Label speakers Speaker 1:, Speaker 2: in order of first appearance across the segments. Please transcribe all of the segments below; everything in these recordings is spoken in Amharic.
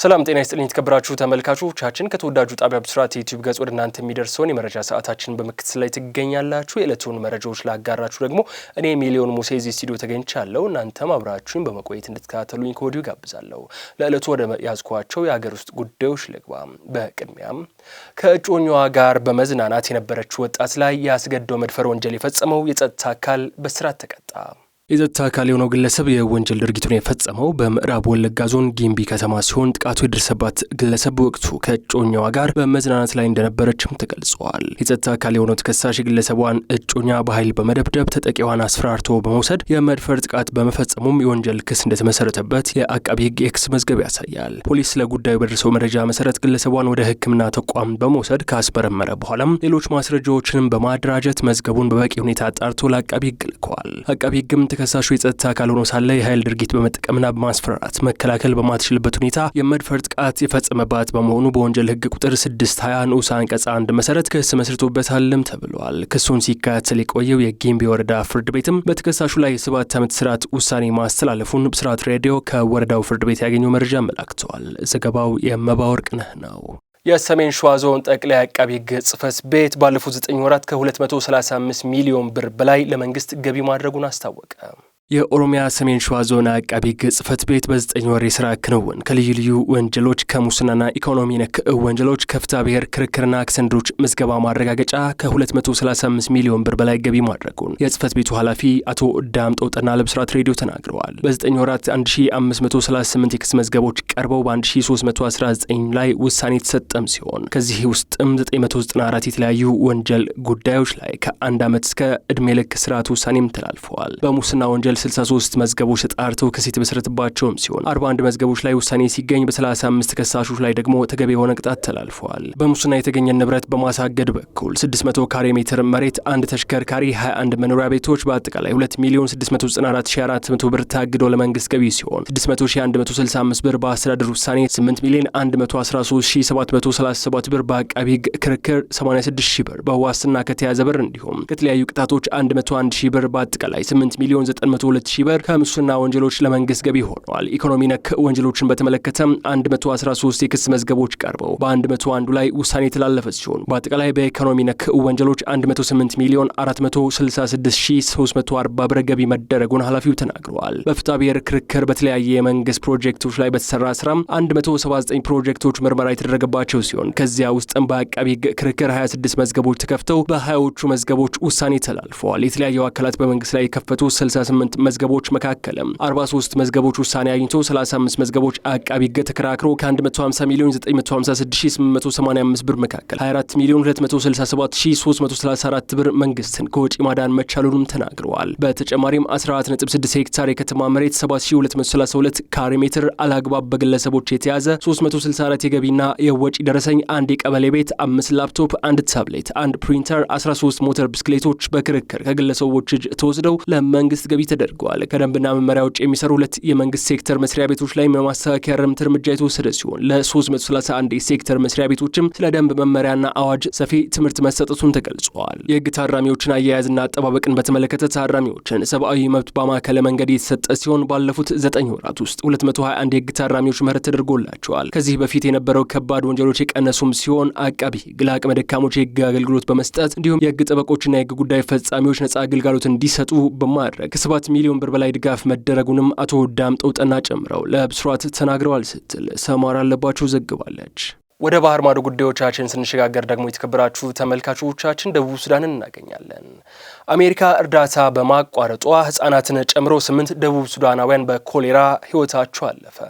Speaker 1: ሰላም ጤና ይስጥልኝ የተከበራችሁ ተመልካቾቻችን፣ ከተወዳጁ ጣቢያ ብስራት ዩቲዩብ ገጽ ወደ እናንተ የሚደርሰውን የመረጃ ሰዓታችን በመከታተል ላይ ትገኛላችሁ። የዕለቱን መረጃዎች ላጋራችሁ ደግሞ እኔ ሚሊዮን ሙሴ እዚህ ስቱዲዮ ተገኝቻለሁ። እናንተም አብራችሁን በመቆየት እንድትከታተሉኝ ከወዲሁ ጋብዛለሁ። ለዕለቱ ወደ ያዝኳቸው የሀገር ውስጥ ጉዳዮች ልግባ። በቅድሚያም ከእጮኛዋ ጋር በመዝናናት የነበረችው ወጣት ላይ የአስገድዶ መድፈር ወንጀል የፈጸመው የጸጥታ አካል በስራት ተቀጣ። የጸጥታ አካል የሆነው ግለሰብ የወንጀል ድርጊቱን የፈጸመው በምዕራብ ወለጋ ዞን ጊምቢ ከተማ ሲሆን ጥቃቱ የደረሰባት ግለሰብ በወቅቱ ከእጮኛዋ ጋር በመዝናናት ላይ እንደነበረችም ተገልጸዋል። የጸጥታ አካል የሆነው ተከሳሽ የግለሰቧን እጮኛ በኃይል በመደብደብ ተጠቂዋን አስፈራርቶ በመውሰድ የመድፈር ጥቃት በመፈጸሙም የወንጀል ክስ እንደተመሰረተበት የአቃቢ ሕግ ኤክስ መዝገብ ያሳያል። ፖሊስ ለጉዳዩ በደረሰው መረጃ መሰረት ግለሰቧን ወደ ሕክምና ተቋም በመውሰድ ካስመረመረ በኋላም ሌሎች ማስረጃዎችንም በማደራጀት መዝገቡን በበቂ ሁኔታ አጣርቶ ለአቃቢ ሕግ ልከዋል። አቃቢ ሕግም ተከሳሹ የጸጥታ አካል ሆኖ ሳለ የኃይል ድርጊት በመጠቀምና በማስፈራራት መከላከል በማትችልበት ሁኔታ የመድፈር ጥቃት የፈጸመባት በመሆኑ በወንጀል ህግ ቁጥር 620 ንዑስ አንቀጽ አንድ መሰረት ክስ መስርቶበታልም ተብሏል። ክሱን ሲካተል የቆየው የጊምቢ ወረዳ ፍርድ ቤትም በተከሳሹ ላይ የሰባት ዓመት ስርዓት ውሳኔ ማስተላለፉን ብስራት ሬዲዮ ከወረዳው ፍርድ ቤት ያገኘው መረጃ አመላክተዋል። ዘገባው የመባወርቅ ነህ ነው። የሰሜን ሸዋ ዞን ጠቅላይ አቃቢ ሕግ ቤት ባለፉት 9 ወራት ከ235 ሚሊዮን ብር በላይ ለመንግስት ገቢ ማድረጉን አስታወቀ። የኦሮሚያ ሰሜን ሸዋ ዞን አቃቢ ሕግ ቤት በዘጠኝ ወር የስራ ክንውን ከልዩ ልዩ ወንጀሎች ከሙስናና ኢኮኖሚ ነክ ወንጀሎች ከፍታ ብሔር ክርክርና ክሰንዶች ምዝገባ ማረጋገጫ ከ235 ሚሊዮን ብር በላይ ገቢ ማድረጉን የጽሕፈት ቤቱ ኃላፊ አቶ ዳምጦ ጠና ለብስራት ሬዲዮ ተናግረዋል። በዘጠኝ ወራት 1538 የክስ መዝገቦች ቀርበው በ1319 ላይ ውሳኔ የተሰጠም ሲሆን ከዚህ ውስጥም 994 የተለያዩ ወንጀል ጉዳዮች ላይ ከአንድ ዓመት እስከ ዕድሜ ልክ ስርዓት ውሳኔም ተላልፈዋል። በሙስና ወንጀል ወንጀል 63 መዝገቦች ተጣርተው ክስ የተመሰረተባቸውም ሲሆን 41 መዝገቦች ላይ ውሳኔ ሲገኝ በ35 ከሳሾች ላይ ደግሞ ተገቢ የሆነ ቅጣት ተላልፈዋል። በሙስና የተገኘ ንብረት በማሳገድ በኩል 600 ካሬ ሜትር መሬት፣ አንድ ተሽከርካሪ፣ 21 መኖሪያ ቤቶች በአጠቃላይ 2 ሚሊዮን 694400 ብር ታግዶ ለመንግስት ገቢ ሲሆን 6165 ብር በአስተዳደር ውሳኔ፣ 8 ሚሊዮን 113737 ብር በአቃቢ ህግ ክርክር፣ 86 ሺ ብር በዋስትና ከተያዘ ብር እንዲሁም ከተለያዩ ቅጣቶች 101 ሺ ብር በአጠቃላይ 8 ሚሊዮን 900 120 ሺህ ብር ከሙስና ወንጀሎች ለመንግስት ገቢ ሆነዋል። ኢኮኖሚ ነክ ወንጀሎችን በተመለከተ 113 የክስ መዝገቦች ቀርበው በ101ዱ ላይ ውሳኔ የተላለፈ ሲሆን በአጠቃላይ በኢኮኖሚ ነክ ወንጀሎች 18 ሚሊዮን 466340 ብር ገቢ መደረጉን ኃላፊው ተናግረዋል። በፍትሐ ብሔር ክርክር በተለያየ የመንግስት ፕሮጀክቶች ላይ በተሰራ ስራ 179 ፕሮጀክቶች ምርመራ የተደረገባቸው ሲሆን ከዚያ ውስጥም በአቃቢ ሕግ ክርክር 26 መዝገቦች ተከፍተው በሀያዎቹ መዝገቦች ውሳኔ ተላልፈዋል። የተለያዩ አካላት በመንግስት ላይ የከፈቱ 68 ከ መዝገቦች መካከል 43 መዝገቦች ውሳኔ አግኝቶ 35 መዝገቦች አቃቢ ሕግ ተከራክሮ ከ150 ሚሊዮን 956885 ብር መካከል 24 ሚሊዮን 267334 ብር መንግስትን ከወጪ ማዳን መቻሉንም ተናግረዋል። በተጨማሪም 146 ሄክታር የከተማ መሬት 7232 ካሬ ሜትር አላግባብ በግለሰቦች የተያዘ 364 የገቢና የወጪ ደረሰኝ፣ አንድ የቀበሌ ቤት፣ አምስት ላፕቶፕ፣ አንድ ታብሌት፣ አንድ ፕሪንተር፣ 13 ሞተር ብስክሌቶች በክርክር ከግለሰቦች እጅ ተወስደው ለመንግስት ገቢ ተደ ተደርገዋል። ከደንብና መመሪያ ውጭ የሚሰሩ ሁለት የመንግስት ሴክተር መስሪያ ቤቶች ላይ የማስተካከያ እርምት እርምጃ የተወሰደ ሲሆን ለ331 የሴክተር መስሪያ ቤቶችም ስለ ደንብ መመሪያና አዋጅ ሰፊ ትምህርት መሰጠቱን ተገልጸዋል። የህግ ታራሚዎችን አያያዝና አጠባበቅን በተመለከተ ታራሚዎችን ሰብአዊ መብት በማዕከለ መንገድ የተሰጠ ሲሆን ባለፉት ዘጠኝ ወራት ውስጥ 221 የህግ ታራሚዎች ምህረት ተደርጎላቸዋል። ከዚህ በፊት የነበረው ከባድ ወንጀሎች የቀነሱም ሲሆን አቃቢ ህግ ለአቅመ ደካሞች የህግ አገልግሎት በመስጠት እንዲሁም የህግ ጠበቆችና የህግ ጉዳይ ፈጻሚዎች ነጻ አገልጋሎት እንዲሰጡ በማድረግ ከሰባት ሚሊዮን ብር በላይ ድጋፍ መደረጉንም አቶ ዳምጠው ጠና ጨምረው ለብስራት ተናግረዋል ስትል ሰማር አለባቸው ዘግባለች። ወደ ባህር ማዶ ጉዳዮቻችን ስንሸጋገር ደግሞ የተከበራችሁ ተመልካቾቻችን ደቡብ ሱዳንን እናገኛለን። አሜሪካ እርዳታ በማቋረጧ ህጻናትን ጨምሮ ስምንት ደቡብ ሱዳናውያን በኮሌራ ህይወታቸው አለፈ።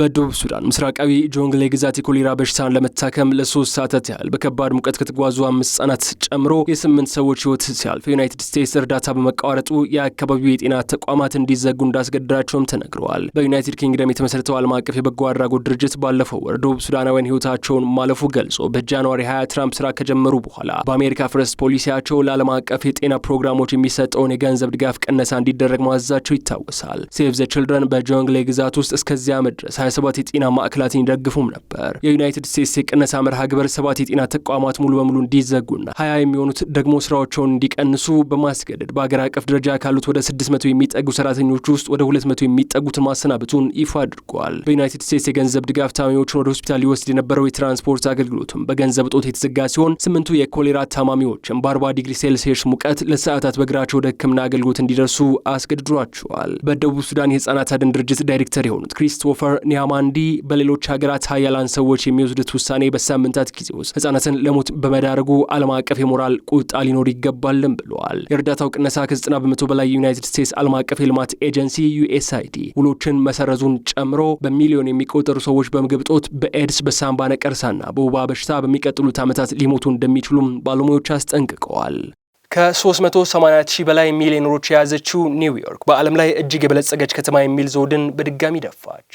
Speaker 1: በደቡብ ሱዳን ምስራቃዊ ጆንግሌ ግዛት የኮሌራ በሽታን ለመታከም ለሶስት ሰዓታት ያህል በከባድ ሙቀት ከተጓዙ አምስት ህጻናት ጨምሮ የስምንት ሰዎች ህይወት ሲያልፍ የዩናይትድ ስቴትስ እርዳታ በመቋረጡ የአካባቢው የጤና ተቋማት እንዲዘጉ እንዳስገደዳቸውም ተነግረዋል። በዩናይትድ ኪንግደም የተመሰረተው ዓለም አቀፍ የበጎ አድራጎት ድርጅት ባለፈው ወር ደቡብ ሱዳናውያን ህይወታቸውን ማለፉ ገልጾ በጃንዋሪ 20 ትራምፕ ስራ ከጀመሩ በኋላ በአሜሪካ ፍረስ ፖሊሲያቸው ለዓለም አቀፍ የጤና ፕሮግራሞች የሚሰጠውን የገንዘብ ድጋፍ ቅነሳ እንዲደረግ ማዘዛቸው ይታወሳል። ሴቭ ዘ ችልድረን በጆንግሌ ግዛት ውስጥ እስከዚያ መድረስ 27 የጤና ማዕከላትን ይደግፉም ነበር። የዩናይትድ ስቴትስ የቅነሳ መርሃ ግበር ሰባት የጤና ተቋማት ሙሉ በሙሉ እንዲዘጉና ሀያ የሚሆኑት ደግሞ ስራዎቸውን እንዲቀንሱ በማስገደድ በአገር አቀፍ ደረጃ ካሉት ወደ 600 የሚጠጉ ሰራተኞች ውስጥ ወደ 200 የሚጠጉትን ማሰናበቱን ይፋ አድርጓል። በዩናይትድ ስቴትስ የገንዘብ ድጋፍ ታማሚዎችን ወደ ሆስፒታል ሊወስድ የነበረው የትራንስፖርት አገልግሎትም በገንዘብ እጦት የተዘጋ ሲሆን ስምንቱ የኮሌራ ታማሚዎችም በ40 ዲግሪ ሴልሲየስ ሙቀት ለሰዓታት በእግራቸው ወደ ሕክምና አገልግሎት እንዲደርሱ አስገድዷቸዋል። በደቡብ ሱዳን የህጻናት አድን ድርጅት ዳይሬክተር የሆኑት ክሪስቶፈር ኒያማንዲ በሌሎች ሀገራት ሀያላን ሰዎች የሚወስዱት ውሳኔ በሳምንታት ጊዜ ውስጥ ህጻናትን ለሞት በመዳረጉ ዓለም አቀፍ የሞራል ቁጣ ሊኖር ይገባልን ብለዋል። የእርዳታው ቅነሳ ከዘጠና በመቶ በላይ የዩናይትድ ስቴትስ ዓለም አቀፍ የልማት ኤጀንሲ ዩኤስአይዲ ውሎችን መሰረዙን ጨምሮ በሚሊዮን የሚቆጠሩ ሰዎች በምግብ ጦት፣ በኤድስ፣ በሳምባ ነቀርሳና በውባ በሽታ በሚቀጥሉት ዓመታት ሊሞቱ እንደሚችሉም ባለሙያዎች አስጠንቅቀዋል። ከ380 ሺህ በላይ ሚሊዮነሮች የያዘችው ኒውዮርክ በዓለም ላይ እጅግ የበለጸገች ከተማ የሚል ዘውድን በድጋሚ ደፋች።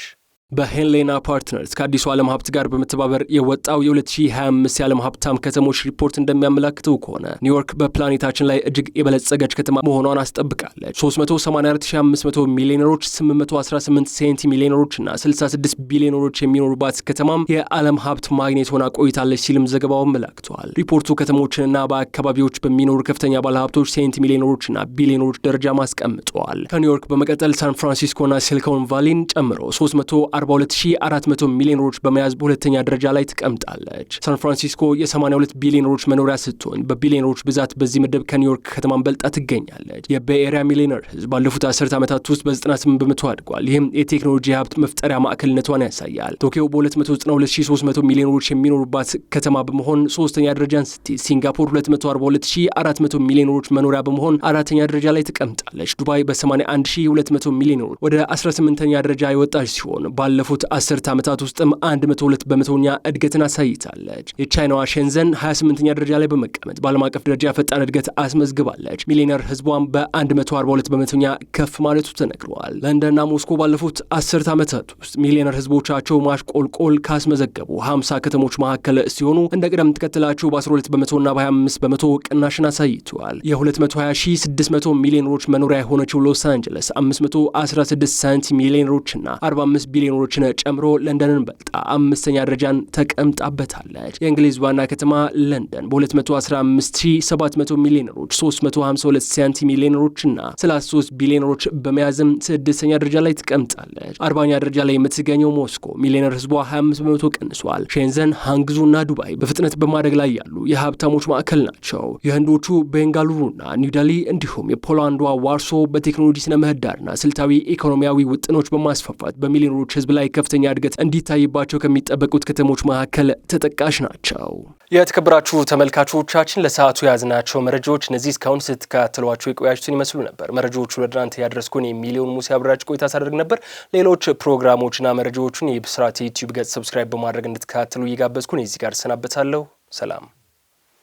Speaker 1: በሄሌና ፓርትነርስ ከአዲሱ ዓለም ሀብት ጋር በመተባበር የወጣው የ2025 የዓለም ሀብታም ከተሞች ሪፖርት እንደሚያመላክተው ከሆነ ኒውዮርክ በፕላኔታችን ላይ እጅግ የበለጸገች ከተማ መሆኗን አስጠብቃለች። 384500 ሚሊዮነሮች፣ 818 ሴንቲ ሚሊዮነሮች እና 66 ቢሊዮነሮች የሚኖሩባት ከተማም የዓለም ሀብት ማግኘት ሆና ቆይታለች ሲልም ዘገባው አመላክተዋል። ሪፖርቱ ከተሞችንና በአካባቢዎች በሚኖሩ ከፍተኛ ባለሀብቶች፣ ሴንቲ ሚሊዮነሮችና ቢሊዮነሮች ደረጃ ማስቀምጠዋል። ከኒውዮርክ በመቀጠል ሳን ፍራንሲስኮና ሲሊኮን ቫሊን ጨምሮ 3 42400 ሚሊዮነሮች በመያዝ በሁለተኛ ደረጃ ላይ ትቀምጣለች። ሳን ፍራንሲስኮ የ82 ቢሊዮነሮች መኖሪያ ስትሆን በቢሊዮነሮች ብዛት በዚህ ምድብ ከኒውዮርክ ከተማን በልጣ ትገኛለች። የቤኤሪያ ሚሊዮነር ህዝብ ባለፉት አስርት ዓመታት ውስጥ በ98 በመቶ አድጓል። ይህም የቴክኖሎጂ ሀብት መፍጠሪያ ማዕከልነቷን ያሳያል። ቶኪዮ በ292300 ሚሊዮነሮች የሚኖሩባት ከተማ በመሆን ሶስተኛ ደረጃን ስትይዝ፣ ሲንጋፖር 242400 ሚሊዮነሮች መኖሪያ በመሆን አራተኛ ደረጃ ላይ ትቀምጣለች። ዱባይ በ81200 ሚሊዮነሮች ወደ 18ኛ ደረጃ የወጣች ሲሆን ባለፉት አስርት ዓመታት ውስጥም 102 በመቶኛ እድገትን አሳይታለች። የቻይናዋ ሼንዘን 28ኛ ደረጃ ላይ በመቀመጥ በዓለም አቀፍ ደረጃ ፈጣን እድገት አስመዝግባለች። ሚሊነር ህዝቧም በ142 በመቶኛ ከፍ ማለቱ ተነግረዋል። ለንደንና ሞስኮ ባለፉት አስርት ዓመታት ውስጥ ሚሊነር ህዝቦቻቸው ማሽቆልቆል ካስመዘገቡ 50 ከተሞች መካከል ሲሆኑ እንደ ቅደም ተከተላቸው በ12 በመቶና በ25 በመቶ ቅናሽን አሳይተዋል። የ220600 ሚሊዮነሮች መኖሪያ የሆነችው ሎስ አንጀለስ 516 ሳንቲ ሚሊዮነሮችና 45 ቢሊዮን መኖሮችን ጨምሮ ለንደንን በልጣ አምስተኛ ደረጃን ተቀምጣበታለች። የእንግሊዝ ዋና ከተማ ለንደን በ215700 ሚሊዮነሮች 352 ሳንቲ ሚሊዮነሮችና 33 ቢሊዮነሮች በመያዝም ስድስተኛ ደረጃ ላይ ተቀምጣለች። አርባኛ ደረጃ ላይ የምትገኘው ሞስኮ ሚሊዮነር ህዝቧ 25 በመቶ ቀንሷል። ሼንዘን፣ ሃንግዙና ዱባይ በፍጥነት በማደግ ላይ ያሉ የሀብታሞች ማዕከል ናቸው። የህንዶቹ ቤንጋሉሩና ኒውደሊ እንዲሁም የፖላንዷ ዋርሶ በቴክኖሎጂ ስነ ምህዳርና ስልታዊ ኢኮኖሚያዊ ውጥኖች በማስፋፋት በሚሊዮነሮች ህዝብ ህዝብ ላይ ከፍተኛ እድገት እንዲታይባቸው ከሚጠበቁት ከተሞች መካከል ተጠቃሽ ናቸው። የተከበራችሁ ተመልካቾቻችን ለሰዓቱ የያዝናቸው መረጃዎች እነዚህ እስካሁን ስትከታተሏቸው የቆያችሁትን ይመስሉ ነበር። መረጃዎቹ ለእናንተ ያደረስኩን የሚሊዮን ሙሴ አብራጭ ቆይታ ሳደርግ ነበር። ሌሎች ፕሮግራሞችና መረጃዎቹን የብስራት የዩቲዩብ ገጽ ሰብስክራይብ በማድረግ እንድትከታተሉ እየጋበዝኩን የዚህ ጋር እሰናበታለሁ። ሰላም